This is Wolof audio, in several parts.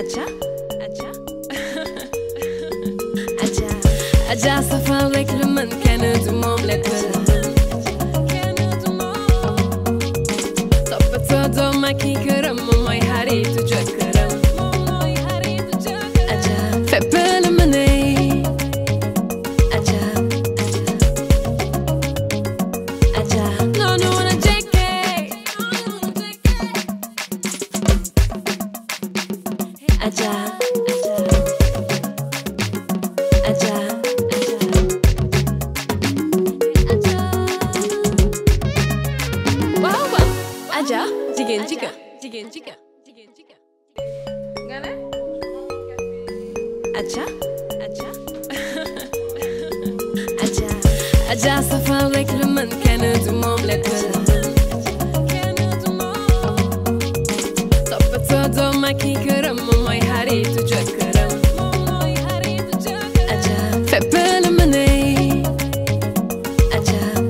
Acea, acea acea like să fac reclamând că nu-ți mă Aja. Aja. Wow, wow. Aja, jigin jika, jigin jika, jigin jika. Gana? Aja, aja. aja, aja سفرك لمن كانوا دموم لكل كي حريت جكرة أجا فبال مني أجا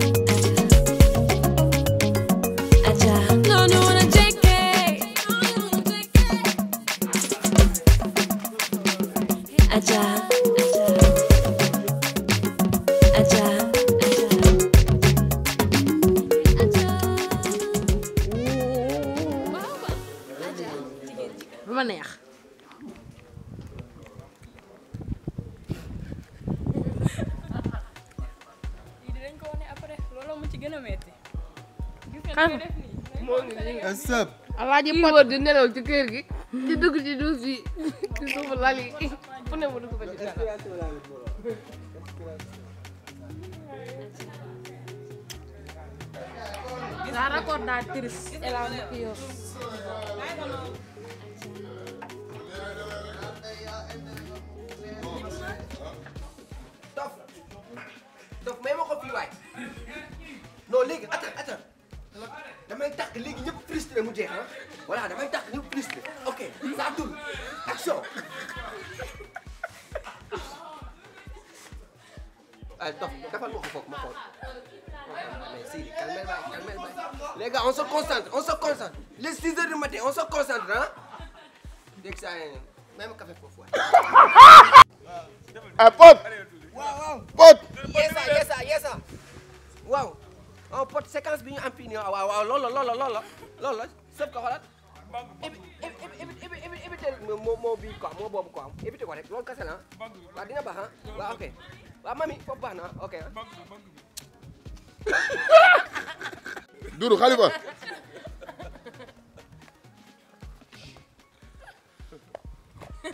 أجا لا نورا جكي أجا Wanneer? gën a métti. xam alaaji wër di nelaw ci kër gi. di dugg ci duus yi ci suufu lal yi fu ne mu dugg fa ci dara. daa raccord daa tiris. ah Pod. waaw Pod. yesa yesa yesa waaw. oh Pod séquence bi ñu am fii nii waaw waaw loolu la loolu la loolu la loolu la sëb ko xoolal. éviter moo moo bii quoi moo boobu quoi éviter ko rek loolu kese la ah. waaw dina baax ah waaw ok waaw mami foofu baax na ok. Ah. Doudou Khalifa.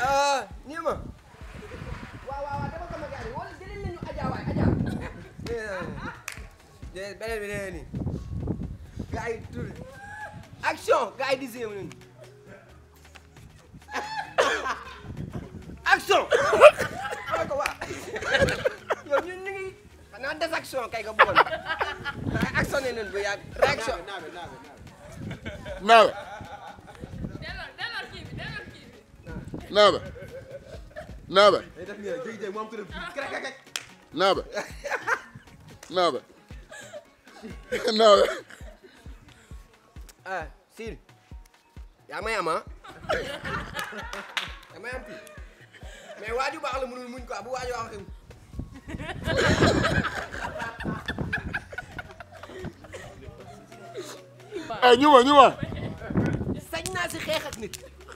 ah nii ma. waaw waaw dama sama gars yi wala jëlee nañu Adja waay Adja. déedéet beneen bi nee nii. gars yi tudd action gars yi di séemu nañu. action. xam ko waa kay nga bëggoon action nee nañu bu yàgg naaba naaba naaba naaba naaba. ah yaa may am yaa may am fii mais waaju sañ naa xeex ak nit.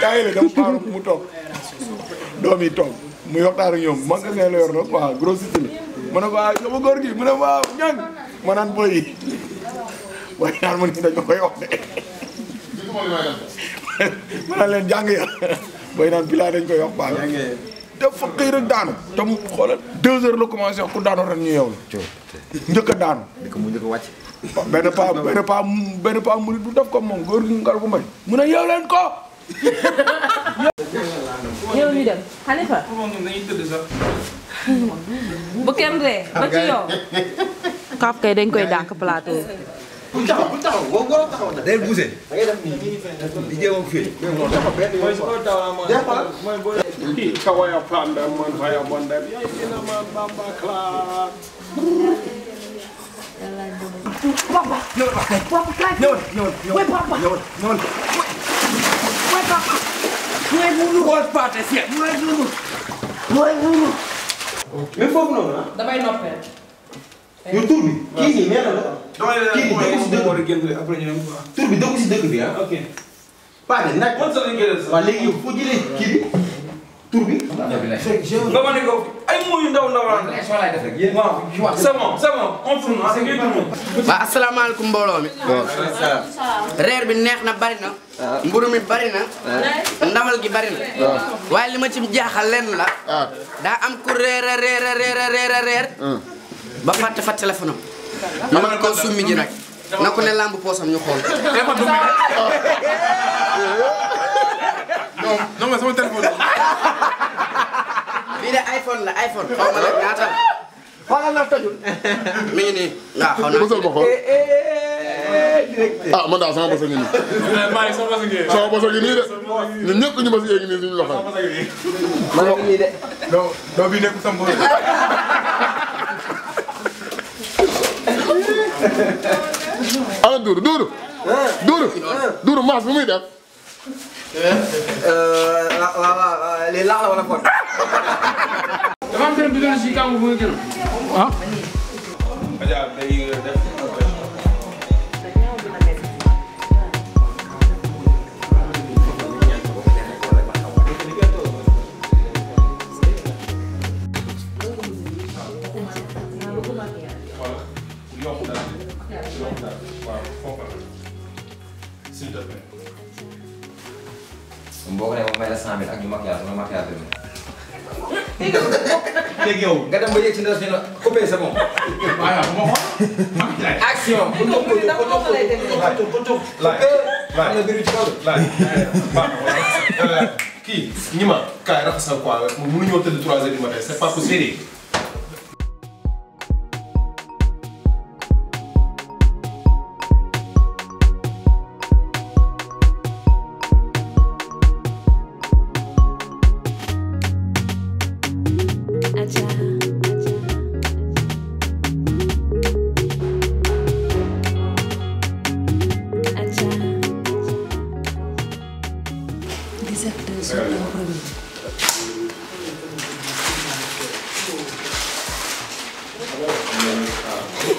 kaay la dama baaru mu toog doom yi toog muy waxtaan ak ñoom magasin la yor na waaw grossiste la ma ne ko waaw ah, sama góor gi mu ne waaw ñang ma naan yi waaye naan ma ni dañu koy wax de ma naan leen jàng ya boy naan daanu te mu xoolal deux heures la commencé wax ku daanu ren ñu yow la njëkk a daanu dëkk benn paa benn paa benn paa ko moom góor gi ngal ko mu ne yeew ko yow ñu dem Xalifa bu kenn ree ba ci yow. kaaf kay dañ koy dànk plateau bi. bu taxaw bu taxaw boo góor a taxaw. day bouse. da ngay def nii di jéem a fii. mooy kawaya pande man faya bonde. yéen a ma bamba kla. papa. ñëwal papa ñëwal ñëwal ñëwal mooy buunu. xool paate si mooy buunu. mooy buunu. mais foofu noonu ah. damay noppee. yow tur bi. kii nii nee na la. damay la kii bi dëkk si dëkk bi ah. ok. tur bi. xam nga fekk reer bi neex na bari na. Ah. mburu mi bari ah. ndamal gi bari na. Ah. waaye li ma ci jaaxal leen la. daa am ku reer a reer ba fàtte fa téléphone am. ma mën koo summi nag. na ku ne lamb poosam ñu xool. bi de iPhone la iPhone. xaw ma nag ñaata la. xoolal la tojul. mi ngi nii. waaw ah, xaw naa bësal ma xool. Eh, eh, eh, ah man daal sama bës a ngi nii. bàyyi sama bës a ngi nii. sama bës a ngi nii de. ñun ñëpp ñu bës yee ngi nii suñu loxo. ma ne nii de. doo doo bii nekkul sama bës. ana Doudou Doudou. Doudou Doudou maas bu muy def. waaw waaw lii laax la wala kon. 그럼 누가 시간 보면 되는 어? 아니야 내가 ak yow. nga dem ba yegg ci ndaw si ne coupé c'est bon. voilà bu ma xool. action. bu ko bëri dafa mokk lay demee bu ko toog euh, kii ñi ma kaay rafetal quoi mënuñoo tëdd 3 heures du matin c'est pas possible.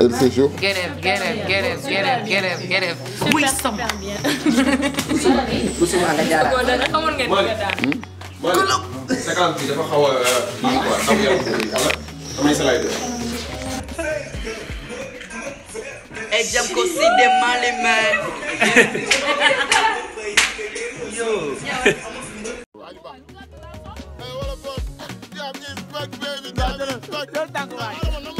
El séjour. Get it, get it, get it, get it,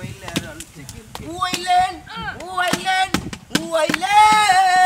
quay lên quay lên quay lên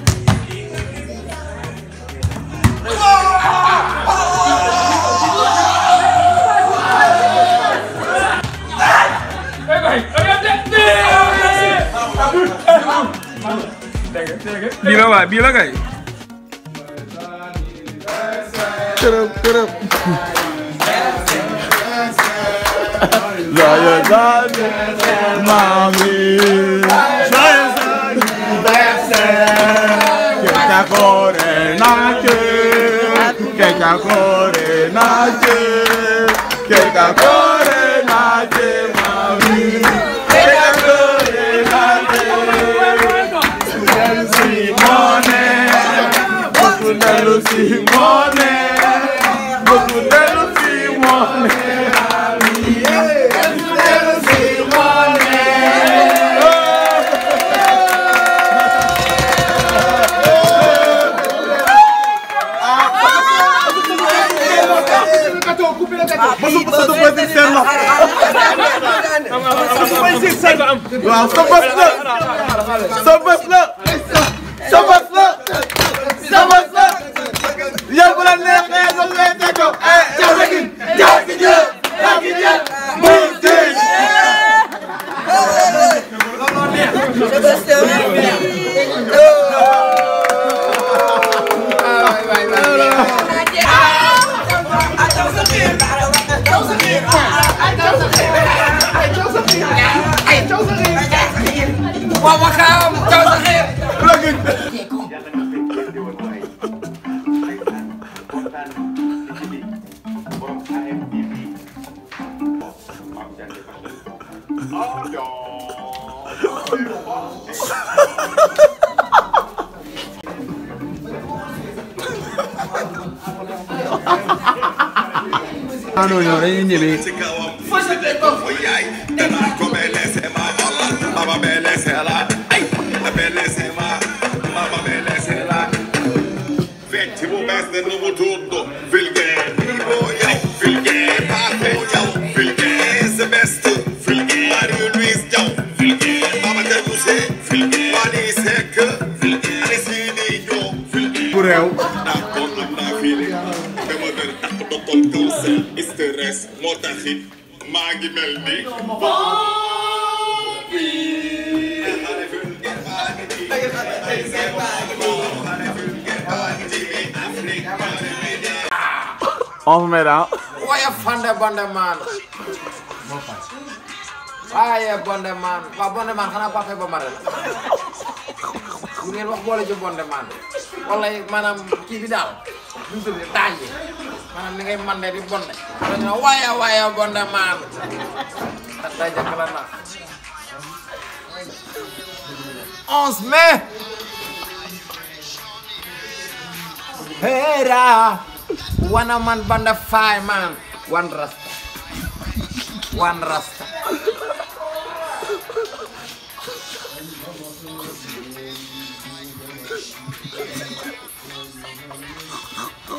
Bilang lah, bilang kan? Kerap, kerap. Zaya zaya mami Zaya zaya Kita kore nake Kita kore nake Kita kore fi mọ́lẹ̀ gbogbo dé ló fi mọ́lẹ̀. Sabas la! အားလုံးရောင်းနေပြီ kon douce stress moo taxit maa ngi mel ni On met out. Why a kemarin. bonder man? Why a bonder man? Why bonder man? Can I pass man? man. man, toujours di taaj ni ngay mande di bonde dañu ne waaye waaye bonde maan ndax day jëkk la naaf 11 mai hera wana man banda faay maan wan rasta wan rasta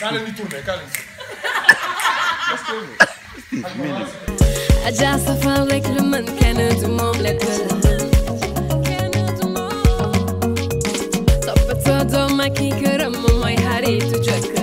I just di tourné kaa leen si. Adja Safar rek la